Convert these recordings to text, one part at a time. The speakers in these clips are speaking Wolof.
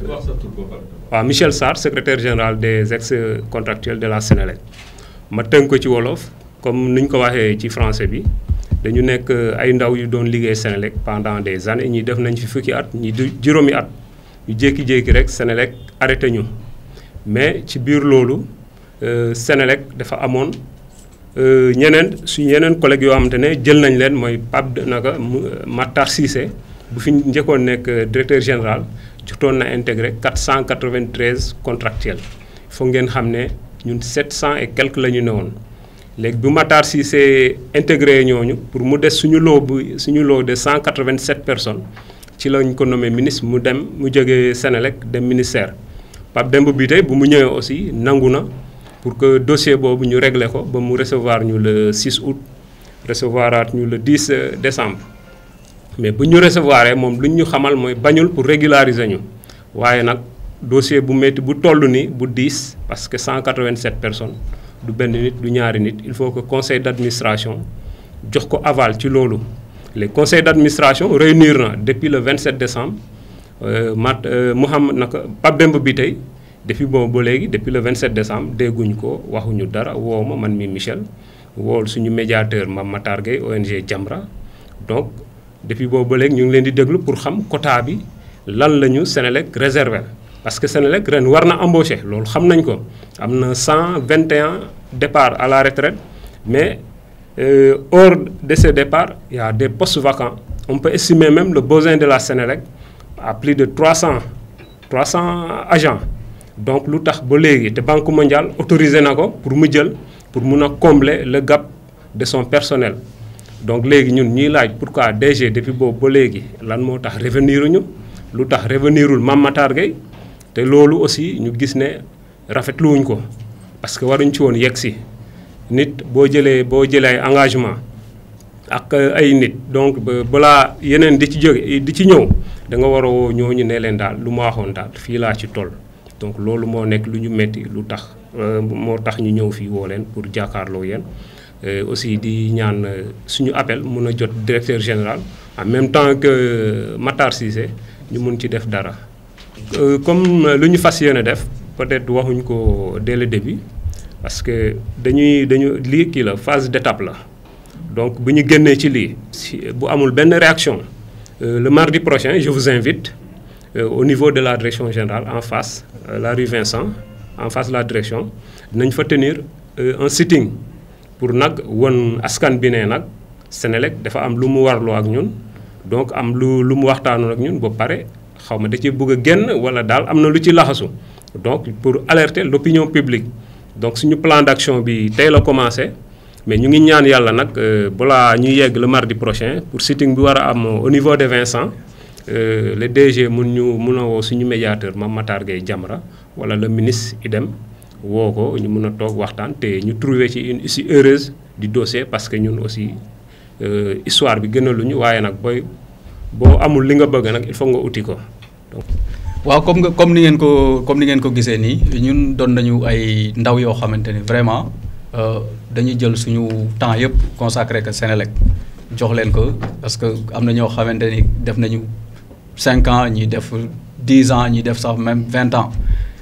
Euh, waaw Michel sar secrétaire général des ex contractuels de la Sénélec ma tënk ci wolof comme ni ko waxee ci français bi dañu nekk euh, ay ndaw yu doon liggéey Sénélec pendant des années ñi def nañ fi fukki at ñi juróomi at ñu jékki-jékki rek Sénélec arrêté ñu mais ci biir loolu euh, Sénélec dafa amoon ñeneen suñu yeneen collègues yoo xamante ne jël nañ leen mooy Pape naka Matar Cissé bu fi njëkkoon nekk directeur général jotoon na intégré 493 contractuels faut ngeen xam ñun 700 et quelques. la ñu ne léegi bu c'est intégré ñooñu pour mu des suñu suñu de 187 personnes ci lañ ko nommé ministre mu dem mu jógee Sénélec dem ministère Pape bi tey bu mu aussi nangu pour que dossier boobu ñu réglé ko ba mu recevoir ñu le 6 août recevoir ñu le 10 euh, décembre mais bu ñu recevoir moom lu ñu xamal mooy bañul pour régulariser ñu waaye nag dossier bu métti bu toll ni bu 10 parce que 187 personnes du benn nit du ñaari nit il faut que conseil d' administration jox ko aval ci loolu. les conseils d' administration réunir na depuis le 27 décembre euh, mat euh, Mouhamad naka Pape Demba bi tey depuis bon ba léegi depuis le 27 décembre dégguñ ko waxuñu dara woo ma man mi Michel wool suñu médiateur mam Matar ONG Jamra donc depuis boobu nous léegi ñu ngi leen di déglu pour xam quota bi lan la parce que le Sénélec war na embaucher loolu xam nañ ko 121 départs à la retraite mais euh, hors de ces départs il y a des postes vacants on peut estimer même le besoin de la Sénélec à plus de 300 agents donc lu tax ba léegi Banque mondiale autorisé na pour mu pour combler le gap de son personnel donc léegi ñun ñuy laaj pourquoi DG depuis boobu ba léegi lan moo tax revenir ñu lu tax revenirul Mame Matar te loolu aussi ñu gis ne parce que waruñ ci woon yegg nous nit boo jëlee boo jëlee engagement ak ay nit donc nous yeneen di ci jóge di ci ñëw da nga ne lu ma waxoon daal donc lu pour euh, aussi di ñaan euh, suñu appel le directeur général en même temps que euh, Matar Cissé ñu mun ci def dara. comme lu ñu fas yéene def peut-être waxuñ ko dès le début parce que dañuy dañu lii kii la phase d'étape la donc bu ñu génnee ci lii. si bu amul benn réaction le mardi prochain je vous invite au niveau de la direction générale en face la rue Vincent en face la direction nous fa tenir un sitting pour nag won askan bi ne nag Senelec dafa am lu mu warloo ak ñun donc am lu lu mu waxtaanoon ak ñun ba pare xaw ma da ci bëgg a génn wala daal am na lu ci laxasu donc pour alerter l'opinion publique donc suñu plan d'action bi tey la commencé mais ñu ngi ñaan yàlla nag euh, balaa ñuy yegg le mardi prochain pour sitting bi war a am au niveau de Vincent euh, le DG mun ñu mun a woo suñu médiateur Mame Matar Gueye Diamra wala le ministre idem woo ko ñu mën a toog waxtaan te ñu trouvé ci une issue heureuse di dossier parce que ñun aussi euh, histoire bi gënaluñu waaye nag boy boo amul li nga bëgg nag il faut nga uti ko donc waaw comme nga comme ni ngeen ko comme ni ngeen ko gisee ni ñun doon nañu ay ndaw yoo xamante ni vraiment euh, dañu jël suñu temps yëpp consacré que Sénélec jox leen ko parce que am na ñoo xamante ni def nañu 5 ans ñi def 10 ans ñi def sax même 20 ans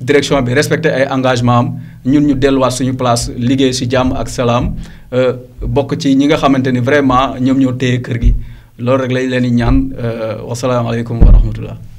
direction bi respecté ay engagement am ñun ñu delluwaat suñu place liggéey si jàmm ak salaam euh, bokk ci ñi nga xamante ni vraiment ñoom ñoo téye kër gi loolu rek lañ leen di ñaan euh, wasalaamaaleykum wa rahmatullah